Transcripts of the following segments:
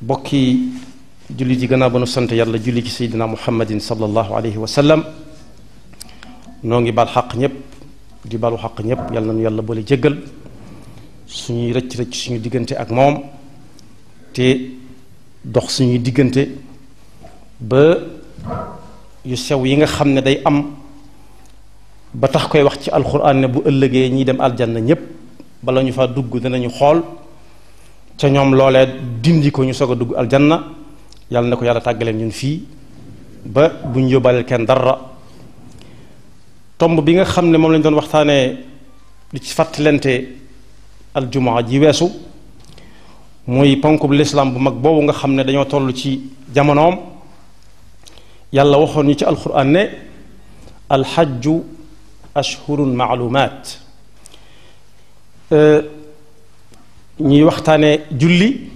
bokki jullit yi gannaaw ba sant yàlla julli ci seydina muhammadin sallallahu alayhi wa sallam noo ngi baal xaq ñëpp di baalu xaq ñëpp yàlla nañu yàlla boole jéggal suñuy rëcc rëcc suñu diggante ak moom te dox suñuy diggante ba yu sew yi nga xam ne day am ba tax koy wax ci alxuraan ne bu ëllëgee ñiy dem aljanna ñëpp bala ñu faa dugg danañu xool ca ñoom loolee dindi ko ñu soog a dugg aljanna yàlla na ko yàlla tàggaleen ñun fii ba bu ñu yóbbaaleel kenn dara tomb bi nga xam ne moom lañ doon waxtaanee di ci fàttalante aljumaa ji weesu muy ponkub lislaam bu mag boobu nga xam ne dañoo tollu ci jamonoom yàlla waxoon ñu ci alquran ne alxajju ashhurun maalumaat euh, ñuy waxtaane julli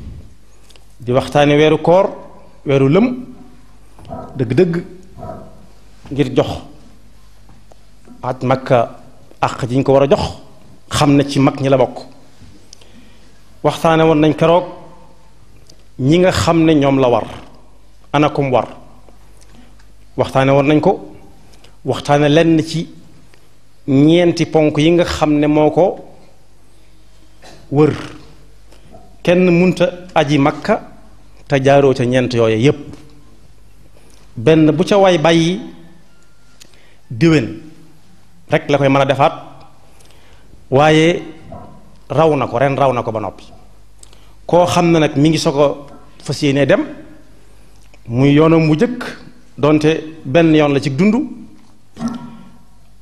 di waxtaane weeru koor weeru lëm dëgg-dëgg ngir jox at makka àq ji ko war a jox xam na ci mag ñi la bokk waxtaane woon nañ keroog ñi nga xam ne ñoom la war anakum war waxtaane woon nañ ko waxtaane lenn ci ñeenti ponk yi nga xam ne moo ko wër kenn munta aji makka te jaaroo ca ñeent yooye yépp benn bu ca way bàyyi diwén rek la koy mën defaat waaye raw na ko ren raw na ko ba noppi koo xam ne nag mi ngi soog a fas yéenee dem muy yoonam mu jëkk donte benn yoon la ci dund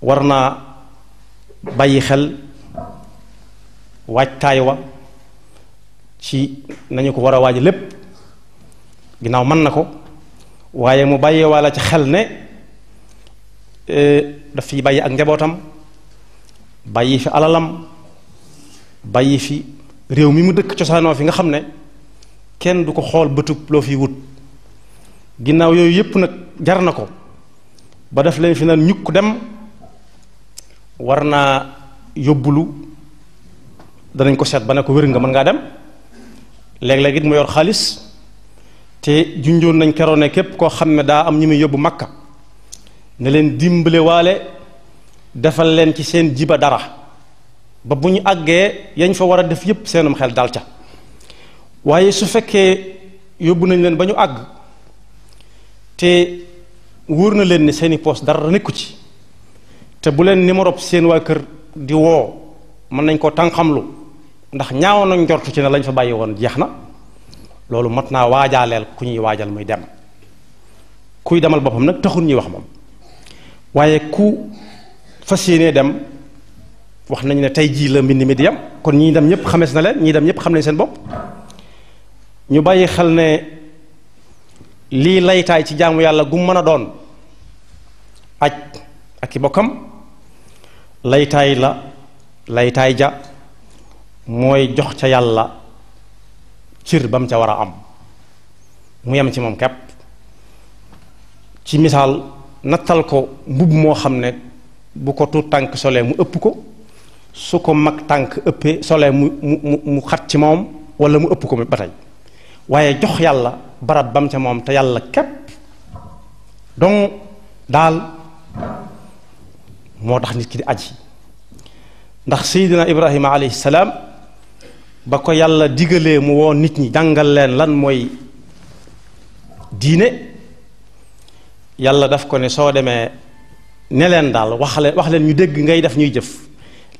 war naa bàyyi xel waajtaay wa ci nañu ko war a waaj lépp ginnaaw mën na ko waaye mu bàyyee walla ci xel ne e, daf fi bàyyi ak njabootam bàyyi fi alalam bàyyi fi réew mi mu dëkk cosaanoo fi nga xam ne kenn du ko xool bëtub loo fi wut ginnaaw yooyu yépp nag jar na ko ba def leen fi naan ñukk dem war naa yóbbulu danañ ko seet ba ne ko wér nga mën ngaa dem léeg-léeg it mu yor xaalis te junjoon nañ keroon ne képp koo xam ne daa am ñu muy yóbbu makka ne leen dimbale waale defal leen ci seen jiba dara ba bu ñu àggee yañ fa war a def yépp seenum xel dal ca waaye su fekkee yóbbu nañ leen ba ñu àgg te wóor na leen ni seeni poos dara nekku ci te bu leen numéro seen waa kër di woo mën nañ koo tànqamlu ndax ñaawoon nañ njortu ci ne lañ fa bàyyi woon jeex na loolu mat naa waajaaleel ku ñuy waajal muy dem kuy demal boppam nag taxul ñuy wax moom waaye ku fas yéenee dem wax nañu ne tey jii la mbind mi di yam kon ñii dem ñëpp xamees na leen dem ñëpp xam nañ seen bopp ñu bàyyi xel ne lii laytaay ci jaamu yàlla gu mën a doon aj ak i bokkam laytaay la laytaay ja mooy jox ca yàlla cir bam ca war a am mu yem ci moom kepp ci misaal nattal ko mbubb moo xam ne bu ko tuut tànk solee mu ëpp ko su ko mag tànk ëppee solee mu mu mu xat ci moom wala mu ëpp ko ba tey waaye jox yàlla barab bam ca moom te yàlla képp donc daal moo tax nit ki di aji ndax seydina ibrahima alayhi salaam ba ko yàlla digalee mu woo nit ñi jàngal leen lan mooy diine yàlla daf ko ne soo demee ne leen daal wax leen wax ñu dégg ngay def ñuy jëf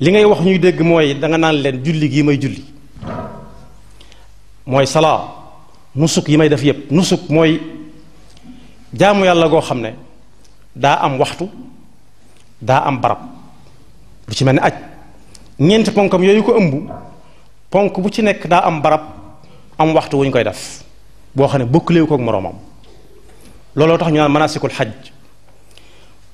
li ngay wax ñuy dégg mooy danga naan leen julli gii may julli mooy salaa nusuk yi may def yépp nusuk mooy jaamu yàlla goo xam ne daa am waxtu daa am barab bu ci mel ni aj ñeenti ponkam yooyu ko ëmb ponk bu ci nekk daa am barab am waxtu wu ñu koy def boo xam ne bokklewu kook moroomam looloo tax ñu naan manasikul xaj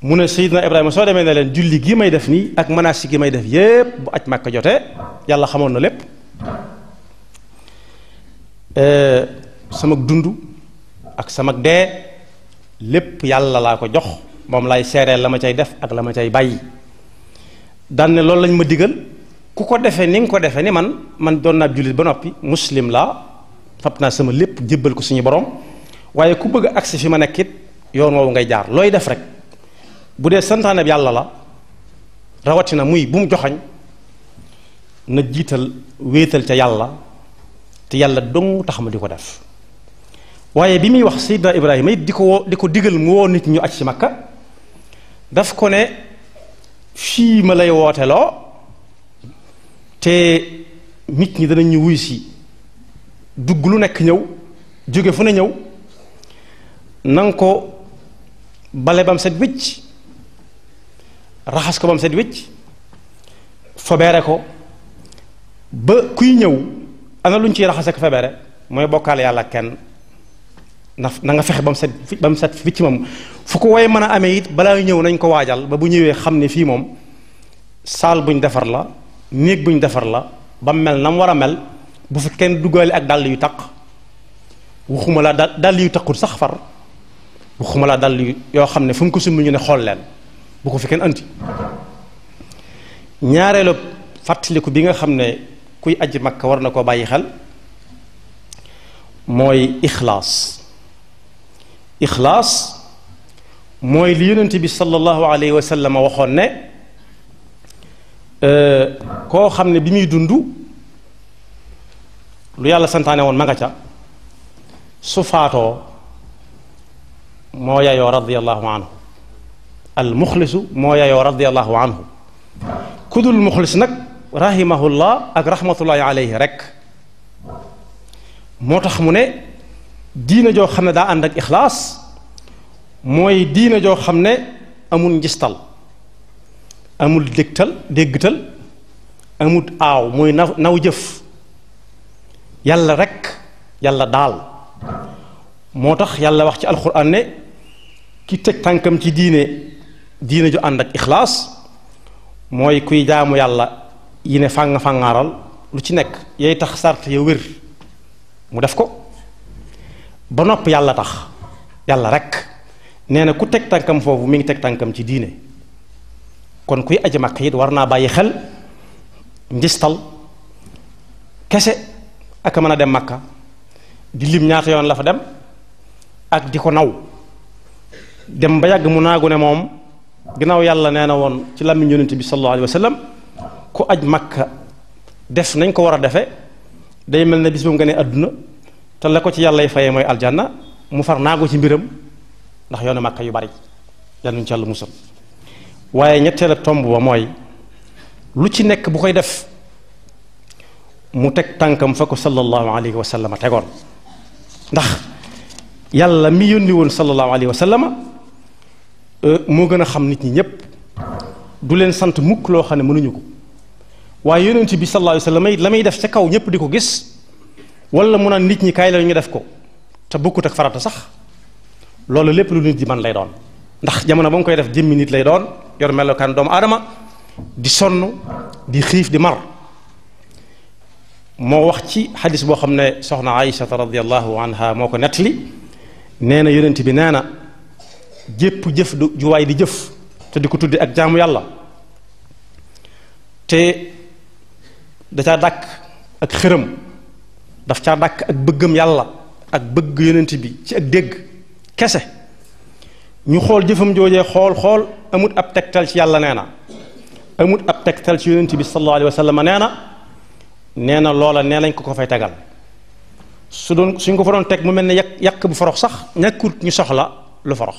mu ne Seydina Ibrahima soo demee na leen julli gi may def nii ak manasik gi may def yépp bu aj màkk jotee yàlla xamoon na lépp sama dund ak sama dee lépp yàlla laa ko jox moom lay seereel la ma cay def ak la ma cay bàyyi daan ne loolu lañ ma digal ku ko defee ni nga ko defee ni man man doon naa jullit ba noppi muslim laa fab naa sama lépp jëbbal ko suñu borom waaye ku bëgg a agsi fi ma nekk it yoon woowu ngay jaar looy def rek bu dee santaane bi yàlla la rawatina muy bu mu joxañ na jiital wéetal ca yàlla te yàlla dong tax di ko def waaye bi muy wax Seydina Ibrahima it di ko woo di ko digal mu woo nit ñu aj ci Makka daf ko ne fii ma lay wooteloo te nit ñi danañ ñu wuy si dugg lu nekk ñëw jóge fu ne ñëw nanga ko bale bam set wicc raxas ko bam set wicc fobeere ko ba kuy ñëw ana lu ñu ciy raxase ko fobeere mooy bokkaale yàlla kenn na nanga fexe ba mu set ba mu set wicc moom fu ko way mën a amee it balaa ñëw nañ ko waajal ba bu ñëwee xam ne fii moom saal buñ defar la néeg bu ñu defar la ba mel na mu war a mel bu fi kenn dugalee ak dàll yu taq waxuma la da dàll yu taqul sax far waxuma la dàll yu yoo xam ne fu ko sumb ñu ne xool leen bu ko fi kenn anti ñaareelu fàttaliku bi nga xam ne kuy aji makka war na koo bàyyi xel mooy ixlaas ixlaas mooy li yonent bi sallallahu alayhi wa sallam waxoon ne Euh, koo xam ne bi muy dund lu yàlla santaane woon ma nga ca su faatoo moo yayoo radiallahu anhu al muxlisu moo yayoo radiallahu anhu ku dul muxlis nag rahimahullah ak rahmatullahi rek moo tax mu ne diina joo xam ne daa ànd ak ixlaas mooy diina joo xam ne amul njistal amul dégtal déggtal amul aaw mooy naw naw jëf yàlla rekk yàlla daal moo tax yàlla wax ci alxuraan ne ki teg tànkam ci diine diine ju ànd ak ixlaas mooy kuy jaamu yàlla yi ne fàng fàngaaral lu ci nekk yay tax sart ya wér mu def ko ba nopp yàlla tax yàlla rekk nee na ku teg tànkam foofu mu ngi teg tànkam ci diine kon kuy aj makk it war naa bàyyi xel njistal kese ak mën a dem makka di lim ñaata yoon la fa dem ak di ko naw dem ba yàgg mu naagu ne moom ginnaaw yàlla nee na woon ci làmmiñ yonent bi sallallahu alayhi wa sallam ku aj makka def nañ ko war a defe day mel ne bis bu mu gënee àdduna te la ko ci yàlla yi fayee mooy aljanna mu far naagu ci mbiram ndax yoonu makka yu bari yàlla ñu ci yàlla musal waaye ñetteelu tomb ba mooy lu ci nekk bu koy def mu teg tànkam fa ko sallallahu alayhi wa sallam tegoon ndax yàlla mi yónni woon sallallahu alayhi wa euh, moo gën a xam nit ñi ñépp du leen sant mukk loo xam ne mënuñu ko waaye yonent bi sallallahu alayhi wa sallam la muy def ca kaw ñépp di ko gis wala mu naan nit ñi kaay la def ko te bokkut ak farata sax loolu lépp lu nit di man lay doon ndax jamono ba mu koy def jëmmi nit lay doon yor melokaan doomu aadama di sonn di xiif di mar moo wax ci xadis boo xam ne soxna Aïchata radiallahu anha moo ko nettali nee na yonent bi nee na jépp jëf du juwaay di jëf te di ko tuddi ak jaamu yàlla te da caa dàkk ak xëram daf caa dàkk ak bëggam yàlla ak bëgg yonent bi ci ak dégg kese ñu xool jëfam joojee xool xool amut ab tegtal ci yàlla nee na amut ab tegtal ci yonent bi sallallahu alayhi wa sallam nee na nee na loola nee lañ ko ko fay tegal su doon suñ ko fa teg mu mel ne yàq yàq bu forox sax ñàkkut ñu soxla lu forox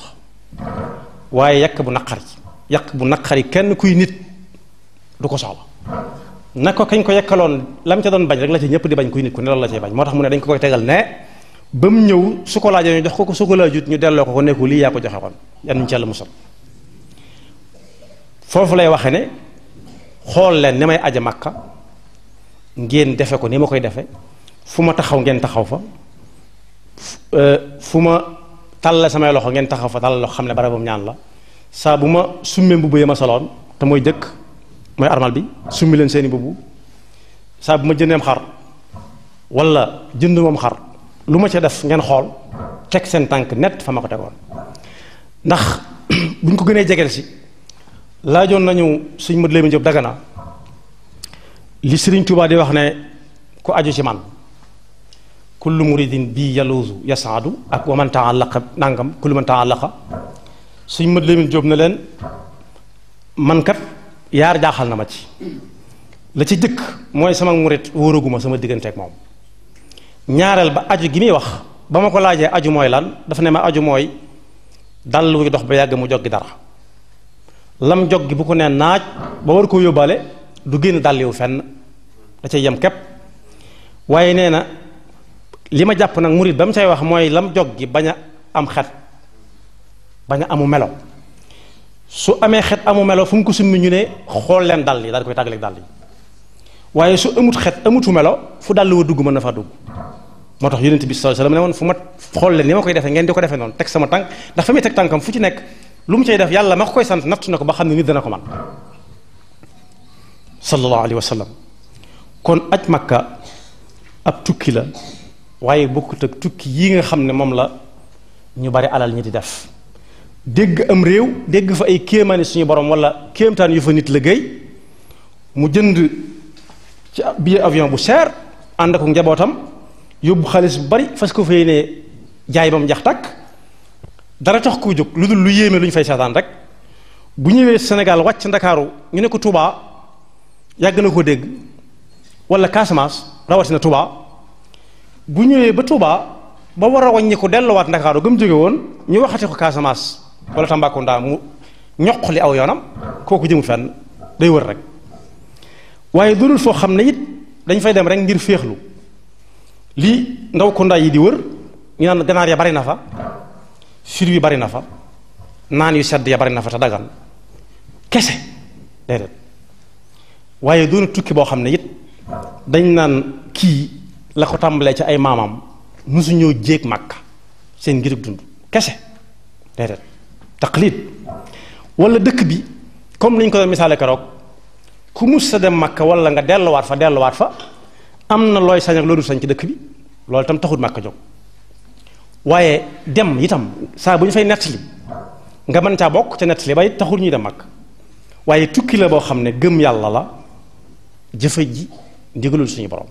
waaye yàq bu naqari yàq bu naqari kenn kuy nit du ko soxla na ko kañ ko yàkkaloon lam ca doon bañ rek la ci ñëpp di bañ kuy nit ku ne la cay bañ moo tax mu ne dañ ko koy tegal ne ba mu ñëw su ko laajee ñu jox ko ko su ko ñu delloo ko ko nekku lii yaa ko joxe woon yan ci yàlla musal foofu lay waxe ne xool leen ni may aja makka ngeen defe ko nii ma koy defe fu ma taxaw ngeen taxaw fa fu euh, ma tàll samay loxo ngeen taxaw fa tàll loxo xam ne barabam ñaan la saa bu ma summee mbubb ya ma soloon te mooy jëkk mooy armal bi summi leen seeni mbubb saa bu ma jëndeem xar wala jënd moom xar lu ma ca def ngeen xool teg seen tànk net fa ma ko degoon ndax buñ ko gënee jegeel si laajoon nañu suñ mët Lamin Jóob na li Sëriñ Tuubaa di wax ne ku aju ci man kullu muridin bii yaluusu yasaadu ak wa man taallaqa nangam kullu man taallaqa suñ mët Lamin Jóob na leen man kat yaar jaaxal na ma ci la ci jëkk mooy sama murit wóoraguma sama digganteeg moom ñaareel ba aju gi muy wax ba ma ko laajee aju mooy lan dafa ne ma aju mooy dal wuy dox ba yàgg mu jog joggi dara lam jog gi bu ko neen naaj ba war koo yóbbaale du génn dàll yu fenn da cay yem képp waaye nee na li ma jàpp nag murit ba mu cay wax mooy lam jog gi bañ a am xet bañ a amu melo su amee xet amu melo fu mu ko summi ñu ne xool leen dàll yi daal koy tàggaleeg dàll yi waaye su amut xet amutu melo fu dàll wa dugg mën na faa dugg moo tax yonent bi sallallahu alayhi wasallam ne woon fu ma xool leen ni ma koy defee ngeen di ko defee noonu teg sama tànk ndax fa muy teg tànkam fu ci nekk lu mu cay def yàlla ma koy sant natt na ko ba xam ne nit dana ko man sallallahu alayhi wasallam kon aj makka ab tukki la waaye bokkut tukki yi nga xam ne moom la ñu bari alal ñi di def dégg am réew dégg fa ay kéemaani suñu borom wala kéemtaan yu fa nit la liggéey mu jënd ci billet avion bu cher ànd ak njabootam yóbbu xaalis bu bari fas ko fay ne jaay ba mu jax tàkk dara tax koo jóg lu dul lu yéeme luñ fay seetaan rek bu ñëwee senegal wàcc Ndakaaru ñu ne ko Touba yàgg na koo dégg wala Casamance rawatina Touba bu ñëwee ba Touba ba war a wàññi ko delluwaat Ndakaaru gëm jóge woon ñu waxati ko Casamance wala Tambacounda mu ñoq li aw yoonam kooku jëmu fenn day wër rek waaye dulul foo xam ne it dañ fay dem rek ngir féexlu. lii ndaw ko ndaay yi di wër ñu naan ganaar ya bari na fa fir wi bari na fa naan yu sedd ya bari na fa te dagan kese déedéet waaye doona tukki boo xam ne it dañ naan kii la ko tàmbalee ci ay maamam musu ñëw jéeg màkk seen ngirug dund kese déedéet taqlid wala dëkk bi comme lañ ñu ko doon misaale keroog ku mus sa dem màkk wala nga delluwaat fa delluwaat fa am na looy sañ ak loolu sañ ci dëkk bi loolu tam taxul màkk jóg waaye dem itam saa bu ñu fay nettali nga mën caa bokk ca nettali ba taxul ñuy dem mag waaye tukki la boo xam ne gëm yàlla la jëfa ji ndigalul suñu borom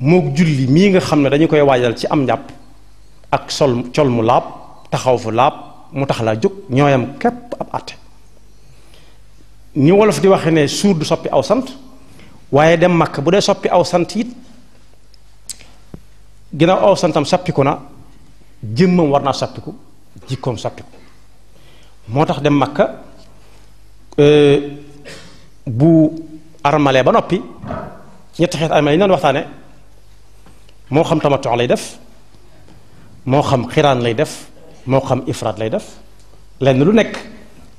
moog julli mii nga xam ne dañu koy waajal ci am njàpp ak sol col mu laab taxaw fu laab mu tax laa jóg ñooyam képp ab àtte ni wolof di waxe ne suur du soppi aw sant waaye dem makk bu dee soppi aw sant it ginnaaw aw santam soppiku na jëmmam war naa soppiku jikkoom soppiku moo tax dem makka euh, bu armalee ba noppi ñetti xeet armale ñu doon waxtaane moo xam tamattu lay def moo xam xiraan lay def moo xam ifraat lay def lenn lu nekk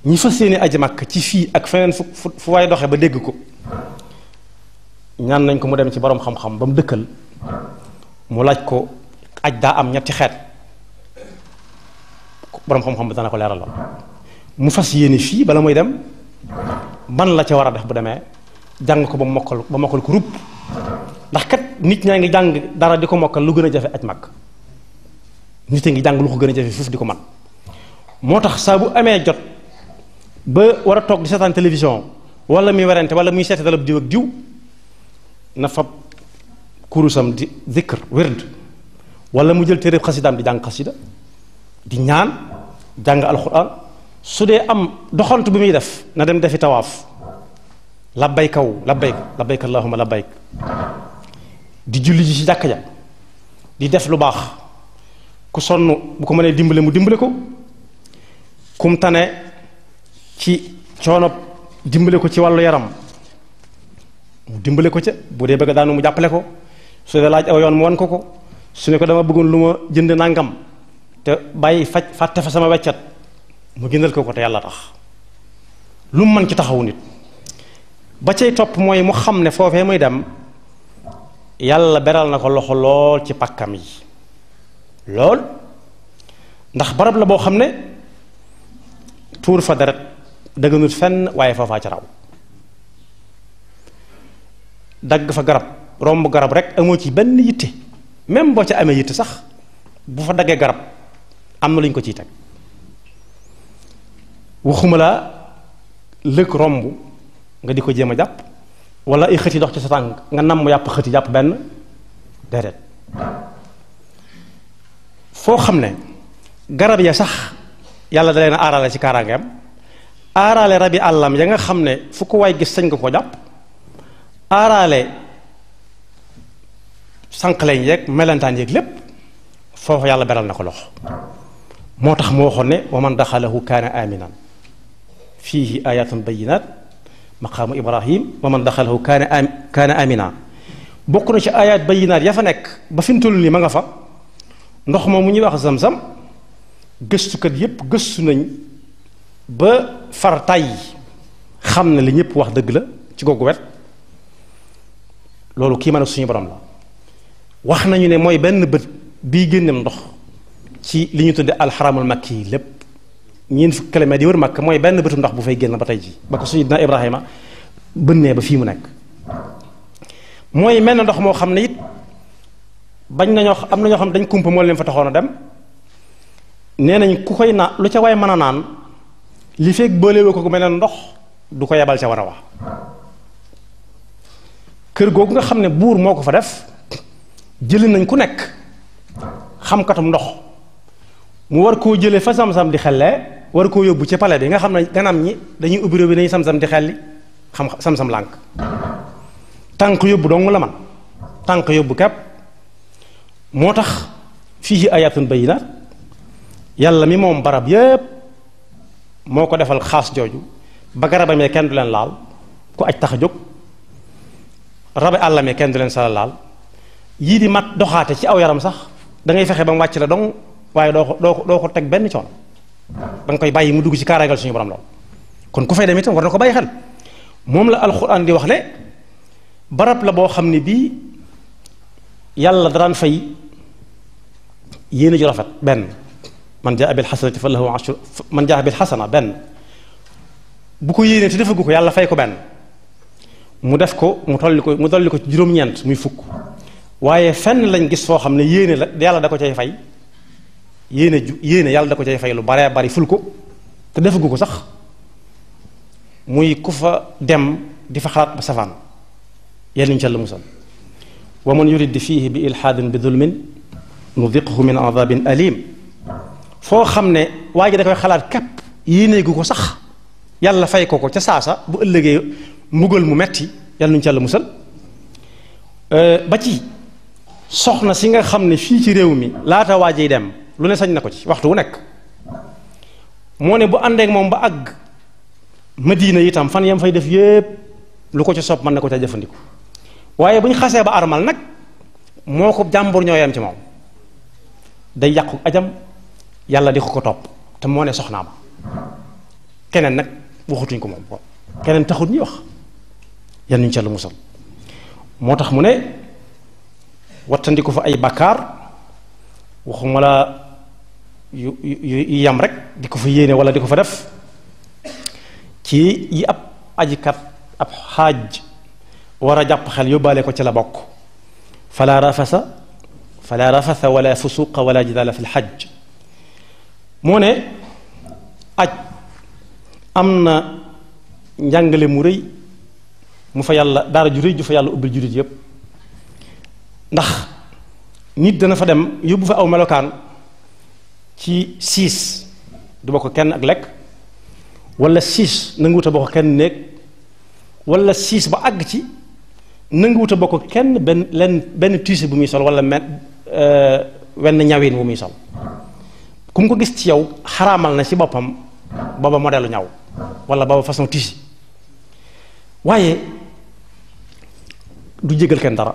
ñi fas yéene aj makk ci fii ak feneen fu fu waaye doxee ba dégg ko ñaan nañ ko mu dem ci borom xam-xam ba mu dëkkal mu laaj ko aj daa am ñetti xeet borom xam-xam bi dana ko leeral mu fas yéene fii bala muy dem ban la ca war a def bu demee jàng ko ba mokkal ba mokkal ko rupp ndax kat nit ñaa ngi jàng dara di ko mokkal lu gën a jafe aj mag nit a ngi jàng lu ko gën a jafe foofu di ko man moo tax saa bu amee jot ba war a toog di seetaan télévision wala muy werante wala muy seete dalab diw ak diw na fab kurusam di zikr wérd wala mu jël téereb xasidaam di jàng xasida di ñaan jàng alxuraan su dee am doxantu bi muy def na dem defi tawaaf labbaykaw labbayk labbayk allahuma labbayk di julli ji ci jàkka ja di def lu baax ku sonn bu ko mënee dimbale mu dimbale ko kum ci coono dimbale ko ci wàllu yaram mu dimbale ko ca bu dee bëgg daanu mu jàppale ko su dee laaj aw yoon mu wan ko ko su ne ko dama bëggoon lu ma jënd nangam te bàyyi faj fàtte fa sama weccat mu gënal ko ko te yàlla tax lu mu mën ci taxawu nit ba cay topp mooy mu xam ne foofee muy dem yàlla beral na ko loxo lool ci pàkkam yi lool ndax barab la boo xam ne tuur fa deret dëgganut fenn waaye foofaa ci raw dagg fa garab romb garab rek amoo ci benn yitte même boo ca amee yitte sax bu fa daggee garab am na lu ñu ko ciy teg waxuma laa romb nga di ko jéem a jàpp wala ay xëti dox ci sa tànk nga namm yàpp xëti jàpp benn déedéet foo xam ne garab ya sax yàlla dalee na aarale ci kaaraangeem aarale rabi àllam ya nga xam ne fu ko waay gis sañ nga ko jàpp aaraale sànqaleñ yeeg melentaan yeeg lépp foofu yàlla beral na ko loxo moo tax mu waxoon ne wa man daxalahu kaana aminan fiihi ayatun bayinat maqaamu ibrahim wa man daxalahu kaana am kaana amina bokk na ci ayaat bayinaat yaa fa nekk ba fi mu toll nii ma nga fa ndox ma mu ñuy wax zam-zam gëstukat yépp gëstu nañ ba far tàyyi xam na li ñëpp wax dëgg la ci googu wet loolu kii mën a suñu borom la wax nañu ne mooy benn bët bii génneem ndox ci li ñu tudde alxaramul makki yi lépp ñeent fukki kilomètres yi wër Makka mooy benn bëtu ndox bu fay génn ba tey ji ba ko suñu dina Ibrahima bënnee ba fii mu nekk mooy mel na ndox moo xam ne it bañ nañoo am na ñoo xam dañ kumpa moo leen fa taxoon a dem nee nañ ku koy naan lu ca waay mën a naan li feeg boolewu ko ko mel ndox du ko yebal ca war a wax kër googu nga xam ne buur moo ko fa def jëli nañ ku nekk xamkatum ndox mu war koo jëlee fa sam di xellee war koo yóbbu ci pale bi nga xam ne ganam ñi dañuy ubbi robinet yi sam-sam di xelli xam sam-sam lànk tànk yóbbu dong la man tànk yóbbu kepp moo tax fii ayatun bayinat yàlla mi moom barab yépp moo ko defal xaas jooju ba garabamee kenn du leen laal ku aj tax a jóg rabe àll mi kenn du leen sala laal yii di mat doxaate ci aw yaram sax dangay fexe ba mu wàcc la dong waaye doo ko doo ko doo ko teg benn coono da koy bàyyi mu dugg ci kaaraagal suñu borom lool kon ku fay dem itam war na ko bàyyi xel moom la alxuraan di wax ne barab la boo xam ne bii yàlla daraan fay yéene ju rafet benn man jaa bil xasanati fa xasana benn bu ko yéene te defagu ko yàlla fay ko benn mu def ko mu tolli ko mu tolli ko ci juróom-ñeent muy fukk waaye fenn lañ gis foo xam ne yéene la yàlla da ko cay fay yéene ju yéene yàlla da ko cay fay lu baree bari ful ko te defagu ko sax muy ku fa dem di fa xalaat ba safaan yal nañu ca la musal wa man yurid fiihi bi ilhaadin bi dulmin nudiqhu min adabin alim foo xam ne waa ji da koy xalaat képp yéene ko sax yàlla fay ko ko ca saasa bu ëllëgee mbugal mu metti yàlla nañu ci yàlla musal euh, ba ci soxna si nga xam ne fii ci réew mi laata waajay dem lu ne sañ na ko ci waxtu wu nekk moo ne bu àndeek moom ba àgg madina itam fan yam fay def yépp lu ko ci sopp mën ne ko ca jëfandiku waaye bu ñu xasee ba armal nag moo ko jàmbur ñoo yem ci moom day yàqu ajam yàlla di ko ko topp te moo ne soxnaam keneen nag waxutuñ ko moom keneen taxut ñuy wax yan ñu ca musal moo tax mu ne wattandiku fa ay bàkkaar waxuma la yu yu yam rek di ko fa yéene wala di ko fa def ci yi ab ajikat ab xaaj war a jàpp xel yóbbaale ko ci la bokk fala rafasa fala rafasa wala fusuqa wala jidaala fi lxaj moo ne aj am na njàngale mu rëy mu fa yàlla daara ju rëy ju fa yàlla ubbil jullit yépp ndax nit dana fa dem yóbbu fa aw melokaan ci siis du ko kenn ak lekk wala siis nanguwut a bokk kenn néeg wala siis ba àgg ci nanguwut a bokk kenn benn lenn benn tiise bu muy sol wala men euh, wenn ñawin bu muy sol ku mu ko gis ci yow xaraamal na ci boppam booba modelu ñaw wala booba façon tiise waaye du jégal kenn dara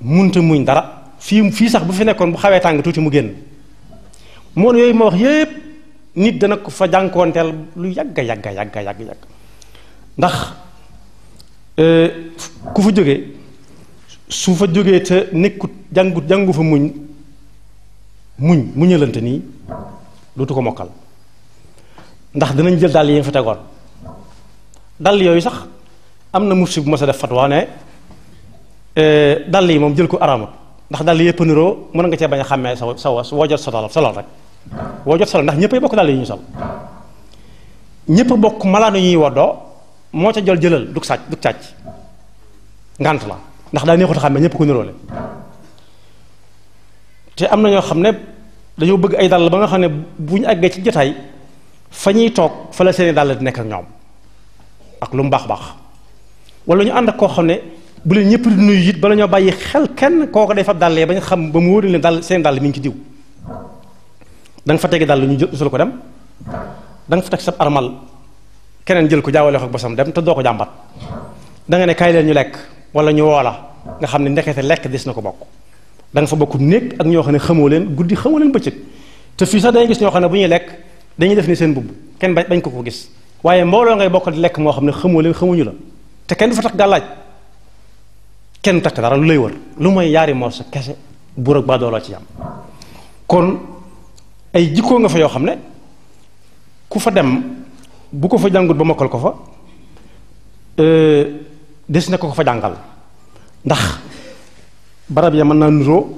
munta muñ dara fii fii sax bu fi nekkoon bu xawee tàng tuuti mu génn moom yooyu ma wax yépp nit dana ko fa jànkoonteel lu yàgga yàgga yàgga yàgg yàgg ndax euh, ku fa jóge su fa jógee te nekkut jàngut jàngu fa muñ muñ muñalante nii dootu ko mokkal ndax danañ jël dàll yi nga fa tegoon dàll yooyu sax am na mufti bu ma sa def fatwa Eh, dàll yi moom jël ko araamut ndax dàll yëpp niroo mën nga cee bañ a xàmmee sa sa woo jot solal solal rek woo jot solal ndax ñëpp bokk dàll yi ñu sol ñëpp bokk malaanu ñuy woddoo moo ca jël jëlal dug sàcc dug sàcc ngant la ndax daa neexut xàmmee ñëpp ko niroole te am na ñoo xam ne dañoo bëgg ay dàll ba nga xam ne bu ñu àggee ci jotaay fa ñuy toog fa la seeni dàll di nekk ak ñoom ak lu mu baax baax wala ñu ànd ak koo xam ne bu leen ñëpp di nuyu it bala ñoo bàyyi xel kenn koo ko day fab dàllee ba ñu xam ba mu wóor leen dàll seen dàll mi ngi ci diw da fa tege dàll ñu jël sul ko dem da fa teg sab armal keneen jël ko jaawale ko bosam dem te doo ko jàmbat da nga ne kaay leen ñu lekk wala ñu woola nga xam ne ndekete lekk des na ko bokk danga nga fa bokku néeg ak ñoo xam ne xamoo leen guddi xamoo leen bëccëg te fii sax dañuy gis ñoo xam ne bu ñuy lekk dañuy def ni seen mbubb kenn bañ ko ko gis waaye mbooloo ngay bokk di lekk moo xam ne xamoo leen xamuñu la te kenn du tax gàllaaj kenn takk dara lu lay wër lu mooy yaari morso kese buur ak baadooloo ci yam kon ay jikkoo nga fa yoo xam ne ku fa dem bu ko fa jàngut ba mokkal ko fa euh, des na ko ko fa jàngal ndax barab ya mën naa nuroo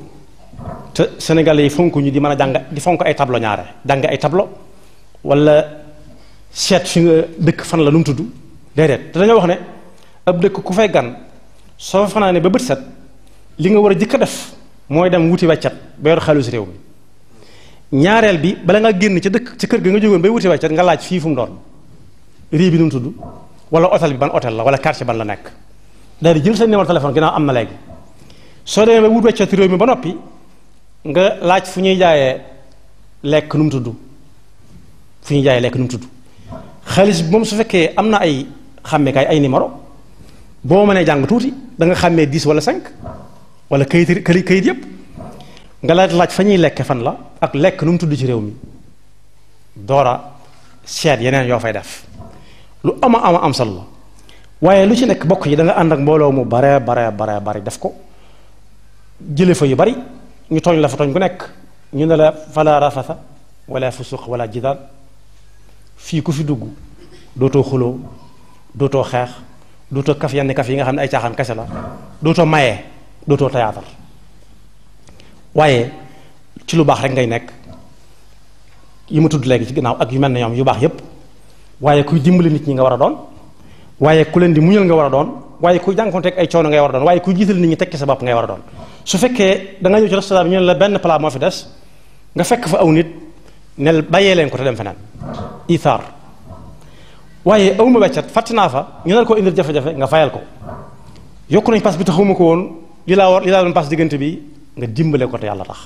te sénégalais yi fonk ñu di mën a jàng di fonk ay tablo ñaare jàng ay tablo wala seet fi nga dëkk fan la nu mu tudd déedéet te dañoo wax ne ab dëkk ku fay gan soo fanaanee ba bët set li nga war a jëkk a def mooy dem wuti wàccat ba yor xaalis réew mi ñaareel bi bala nga génn ca dëkk ca kër gi nga jógoon bay wuti wàccat nga laaj fii fu mu doon rii bi nu mu tudd wala hôtel bi ban hôtel la wala quartier ban la nekk daal di jël sa numéro téléphone ginnaaw am na léegi soo demee ba wut wàccat réew mi ba noppi nga laaj fu ñuy jaayee lekk nu mu tudd fu ñuy jaayee lekk nu mu tudd xaalis bi moom su fekkee am na ay xàmmeekaay ay numéro boo mënee jàng tuuti danga nga xàmmee dix wala cinq wala kayit kayit yëpp nga laaj laaj fa ñuy lekke fan la ak lekk nu mu tudd ci réew mi doora seet yeneen yoo fay def lu ama ama am solo la waaye lu ci nekk bokk yi da ànd ak mbooloo mu bare bare bare bari def ko jële fa yu bari ñu tooñ la fa tooñ ku nekk ñu ne la fala rafasa wala fusuq wala jidaal fii ku fi dugg dootoo xuloo dootoo xeex dootoo kaf yenn kaf yi nga xam ne ay caaxaan kese la dootoo maye dootoo théâtre waaye ci lu baax rek ngay nekk yi ma tudd léegi ci ginnaaw ak yu mel na ñoom yu baax yépp waaye kuy dimbali nit ñi nga war a doon waaye ku leen di muñal nga war a doon waaye kuy jànkonteeg ay coono ngay war a doon waaye kuy jiital nit ñi tekki sa bopp ngay doon su fekkee da nga sa ci restaurant bi ñu ne la benn plat moo fi des nga fekk fa aw nit ne bàyyee leen ko te dem feneen ithar waaye awuma weccat fàtte naa fa ñu nar koo indil jafe-jafe nga fayal ko yokku nañ pass bi taxuma ko woon li laa war li laa doon pass diggante bi nga dimbale ko te yàlla tax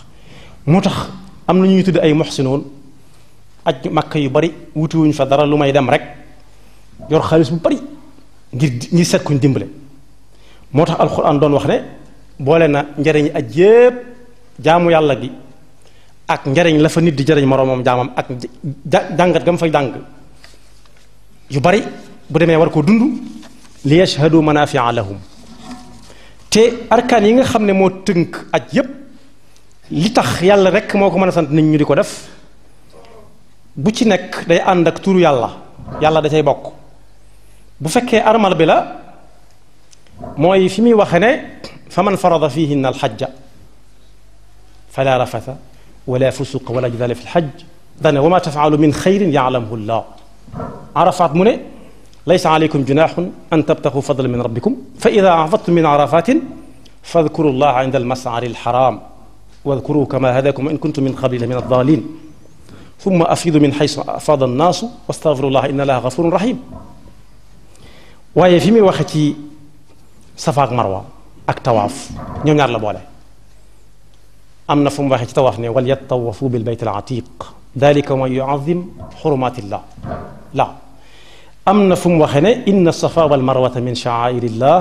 moo tax am na ñuy tudd ay muxsinoon aj makk yu bari wutiwuñ fa dara lu may dem rek yor xaalis bu bari ngir ngir seet dimbale moo tax alxuraan doon wax ne boole na njariñ aj yépp jaamu yàlla gi ak njariñ la fa nit di jariñ moroomam jaamam ak jàngat ga mu fa jàng yu bari bu demee war koo dund li yashhadu manafia lahum te arkaan yi nga xam ne moo tënk aj yépp li tax yàlla rek moo ko mën a sant nit ñu di ko def bu ci nekk day ànd tur yàlla yàlla da cay bokk bu fekkee armal bi la mooy fi muy waxe ne fa man farada fihinna alxajja fala rafata wala fusuqa wala jidaala fi lxaj dane wa ma tafaalu min xayrin yaalamhu llah arafaat mu ne laysa aleykum junaaxun an tabtaxu fadla min rabbikum fa ida afadtum min arafatin fadkuru llaha inda almasari alxaram wadkuru kama hadakum in kuntum min qabli la min addalin summa afidu min xaysu afada annaasu wastaghfirullah inna allaha gafurun rahim waaye fi muy waxe ci safa ak marwa ak tawaaf ñoom ñaar la boole am na fu mu waxe ci tawaaf ne wal yattawafu bil bayt al atiq dalika man yuazim xurumatillah la am na fu mu waxee ne inna safa wal marwata min shaa'irillah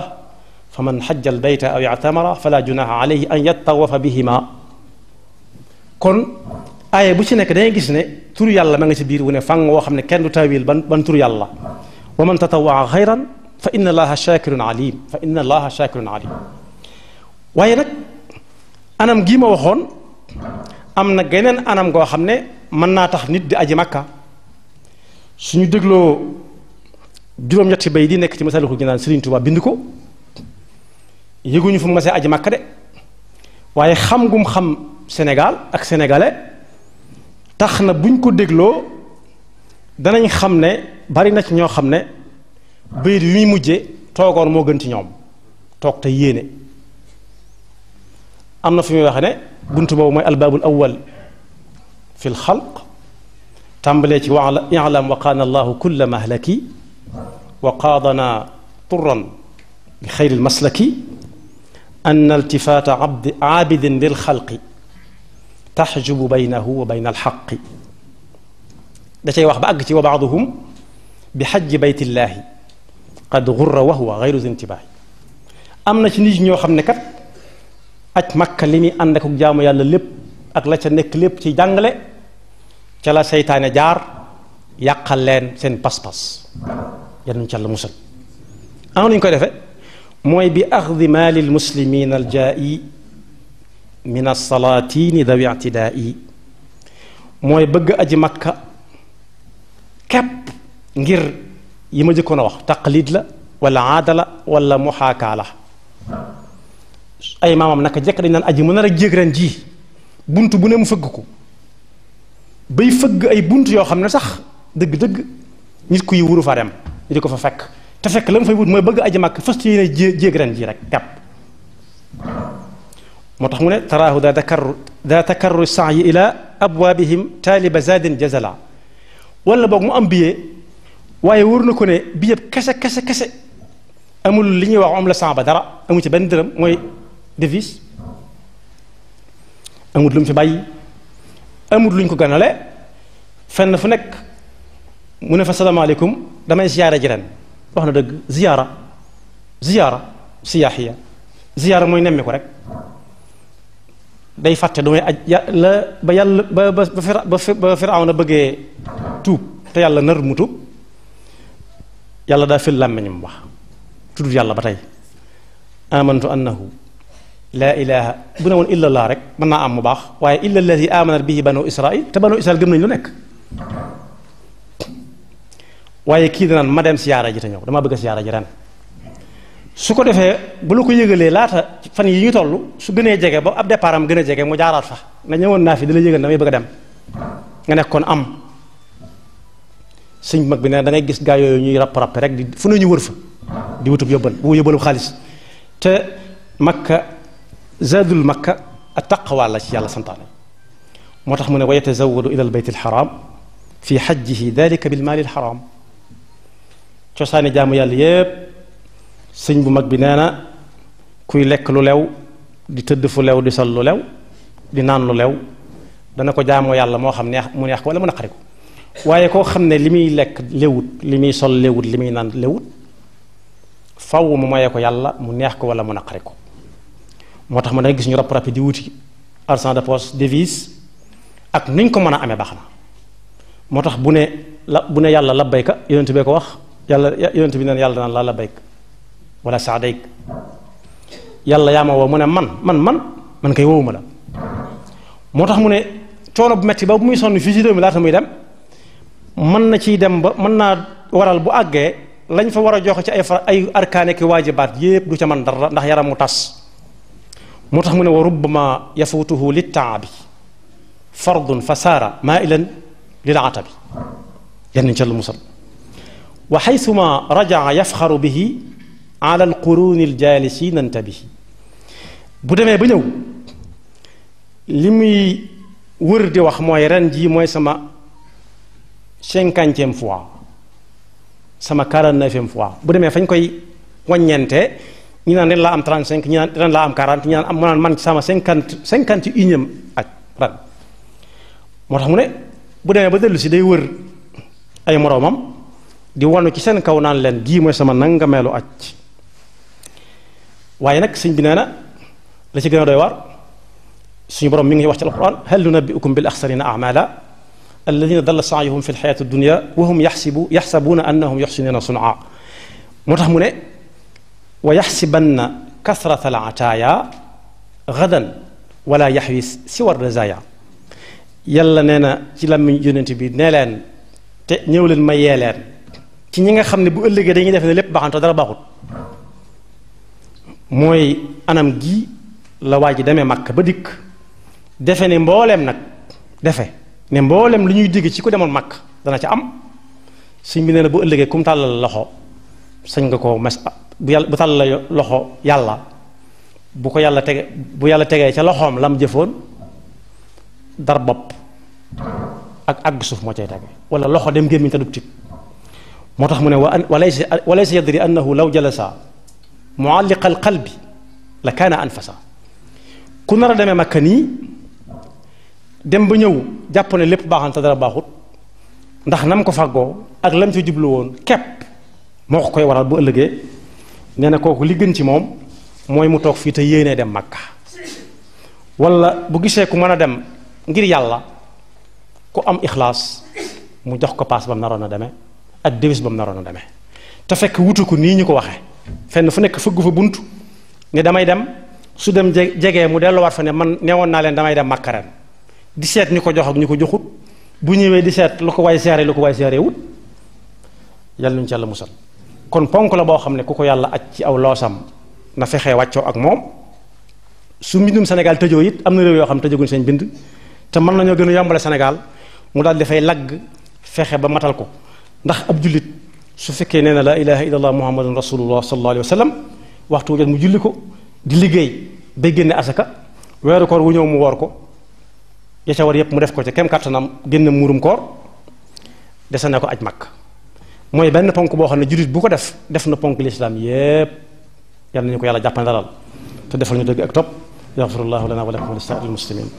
fa man xajja al bayta aw i'tamara fala junaha alayhi an yattawafa bihima kon aaye bu ci nekk dangay gis ne tur yàlla ma nga ci biir wu ne fang woo xam ne kenn du tawil ban ban tur yàlla wa man tatawaa xayran fa inna allaha shakirun alim fa inna allaha shakirun alim waaye nag anam gii ma waxoon am na geneen anam goo xam ne mën naa tax nit di aji makka suñu dégloo juróom-ñetti bay di nekk ci Masaalikul Jinaan Sëriñ Tuubaa bind ko yëguñu fu mu masee aji makka de waaye xam gum xam Sénégal ak sénégalais tax na buñ ko dégloo danañ xam ne bari na ci ñoo xam ne bayit yu muy mujje toogoon moo gën ci ñoom toog te yéene am na fi muy waxe ne buntu boobu mooy albaabul awal fi lxalq tàmbalee ci wa ilam wa qaana allahu kulla mahlaki wa qaadana turan bi xayri lmaslaki an iltifaata abdi aabidin lilxalqi taxjubu baynahu wa bayna alxaqi da cay wax ba àgg ci wa baaduhum bi xajji baytillaahi qad gurra wa huwa xayru zintibaahi am na ci nit ñoo xam ne kat aj makka li muy ànd jaamu yàlla lépp ak la ca nekk lépp ci jàngale cala la seytaane jaar yàqal leen seen pas-pas yannuñ ca la musal am nañu koy defee mooy bi axdi maalil muslimina al jaa'i min as-salaatini dawi i'tidaa'i mooy bëgg aji makka képp ngir yi ma jëkkoon wax taqlid la walla aada la wala la ay maamam naka jekk dañ naan aji mu nar a jéeg ren ji bunt bu ne mu fëgg ko bay fëgg ay bunt yoo xam ne sax dëgg-dëgg nit ku yi wuru fa dem ñu di ko fa fekk te fekk la mu fay wut mooy bëgg aji màkk fas yéene jéeg ren ji rek gàpp tax mu ne taraahu daa takarru daa takarru san yi ila abwaabihim taaliba zadin jazala wala boog mu am billet waaye wóor na ko ne billet kese kese kese amul li ñuy wax am la san ba dara amu ci benn dërëm mooy defis amut lu mu fi bàyyi amut lu ñu ko ganale fenn fu nekk mu ne fa salaamaaleykum damay ziyaara ji ren wax na dëgg ziyaara ziyaara siyaaxiya ziyaara mooy nemmi ko rek day fàtte damay aj la ba yàlla ba ba ba Firawna bëggee tuub te yàlla nar mu tuub yàlla daa fil làmmiñam wax tudd yàlla ba tey amantu annahu laa ilaha bu ne woon illa laa rek mën naa am mu baax waaye illa alladi amanat bihi banu israil te banu israil gëm nañu lu nekk waaye kii danaan ma dem siyaara ji te ñëw damaa bëgg siyaara ji ren su ko defee bu la ko yëgalee laata fan yi ñu toll su gënee jege ba ab départ am gën a jege mu jaaraat fa na ñëwoon naa fi dala yëgal damay bëgg a dem nga nekk kon am sëñ mag bi ne da ngay gis gaa yooyu ñuy rapp rappe rek di fu ne ñu wër fa di wutub yóbbal bu yóbbalu lu makka a taqwa la ci yàlla santaane moo tax mu ne wa yatazawadu ila albayt alxaram fi xajjihi dalika bilmaali alxaram cosaani jaamu yàlla yépp sëñ bu mag bi nee na kuy lekk lu lew di tëdd fu lew di sol lu lew di naan lu lew dana ko jaamoo yàlla moo xam neex mu neex ko wala mu naqari ko waaye koo xam ne li muy lekk léwut li muy sol léwut li muy naan léwut faw mu moyee ko yàlla mu neex ko wala mu naqari ko moo tax ma danga gis ñu rap rapi di wuti argent de poche devise ak nuñ ko mën a amee baax na moo tax bu ne la bu ne yàlla labbayka yonent bee ko wax yàlla yonent bi neen yàlla naan laa labbayk wala saadayk yàlla yaa ma woo mu ne man man man man kay wowuma la moo tax mu ne coono bu metti ba bu muy sonn fii ci réew mi laata muy dem mën na ciy dem ba mën naa waral bu àggee lañ fa war a joxe ci ay far ay arkaane ki waajibaat yépp du ca man dara ndax yaram mu tas moo tax mu ne wa rubbama yafuutuhu littaabi fardun fa saara maailan lilaatabi yan nañ ca la musal wa xaysuma rajaa yafxaru bihi ala alquruni aljaalisin antabihi bu demee ba ñëw li muy wër wax mooy ren jii mooy sama cinquantième fois sama quarante-neuvième fois bu demee fañ koy wàññeente ñu naan ren laa am 35 ñu naan ren am 40 ñu naan am sama 50 50 unième ak ren moo tax mu ne bu demee ba dellu si day wër ay moroomam di wanu ci seen kaw naan leen gii mooy sama nangameelu aj waaye nag sëñ bi nee na la ci gën a doy waar suñu borom mi ngi wax ci alquran hal nunabbi'ukum bil axsarina a'mala alladina dalla saayuhum fi lxayaati dunya wa hum yaxsibu yaxsabuuna annahum yuxsinuuna sun'a moo tax mu ne si wa yaxsibanna kasrata al ataaya gadan wala yaxwi siwa razaaya yàlla nee na ci làmmiñ yonent bi nee leen te ñëw leen ma yee ci ñi nga xam ne bu ëllëgee dañuy def lépp baaxante dara baaxut mooy anam gi la ji demee màkk ba dikk defe ne mbooleem nag defe ne mbooleem lu ñuy digg ci ku demoon màkk dana ca am suñ bi nee na bu ëllëgee kum tàllal loxo sañ nga koo mes bu yàlla bu la loxo yàlla bu ko yàlla tege bu yàlla tegee ca loxoom lam jëfoon dar bopp ak àgg suuf moo cay tege wala loxo dem gémmiñ te du moo tax mu ne wa an walaysa walaysa yadri annahu law jalasa mualliqa xal bi la kaana anfasa ku nar a demee makka nii dem ba ñëw jàpp ne lépp baaxante dara baaxut ndax nam ko faggoo ak lam ci jublu woon képp moo ko koy waral bu ëllëgee nee na kooku li gën ci moom mooy mu toog fii te yéenee dem Makka walla bu gisee ku mën a dem ngir yàlla ku am ixlaas mu jox ko paas ba mu naroon a demee ak devis ba mu naroon a demee te fekk wutu ko nii ñu ko waxee fenn fu nekk fëggu fa bunt ne damay dem su dem jegee mu delluwaat fa ne man neewoon naa leen damay dem Makka ren di seet ñu ko jox ak ñu ko joxut bu ñëwee di seet lu ko way seere lu ko way seere wut yàlla nañu ci yàlla musal kon ponk la boo xam ne ku ko yàlla aj ci aw loosam na fexe wàccoo ak moom su mbindum Sénégal tëjoo it am na réew yoo xam tëjaguñ seen bind te mën nañoo gën a yombale Sénégal mu daal dafay lagg fexe ba matal ko ndax ab jullit su fekkee nee na laa ilaha illallah muhammadun rasulullah sallallahu alayhi wa sallam waxtu jot mu julli ko di liggéey bay génne asaka weeru koor wu ñëw mu woor ko ya ca war yépp mu def ko ca kem kàttanam génn muurum koor dese na ko aj Makka mooy benn ponk boo xam ne jullit bu ko def def na ponk lislaam yépp yal nañu ko yàlla jàppandalal te defal ñu dëgg ak topp yaxfirullahu lana wa lakum wa lisaa'iril muslimin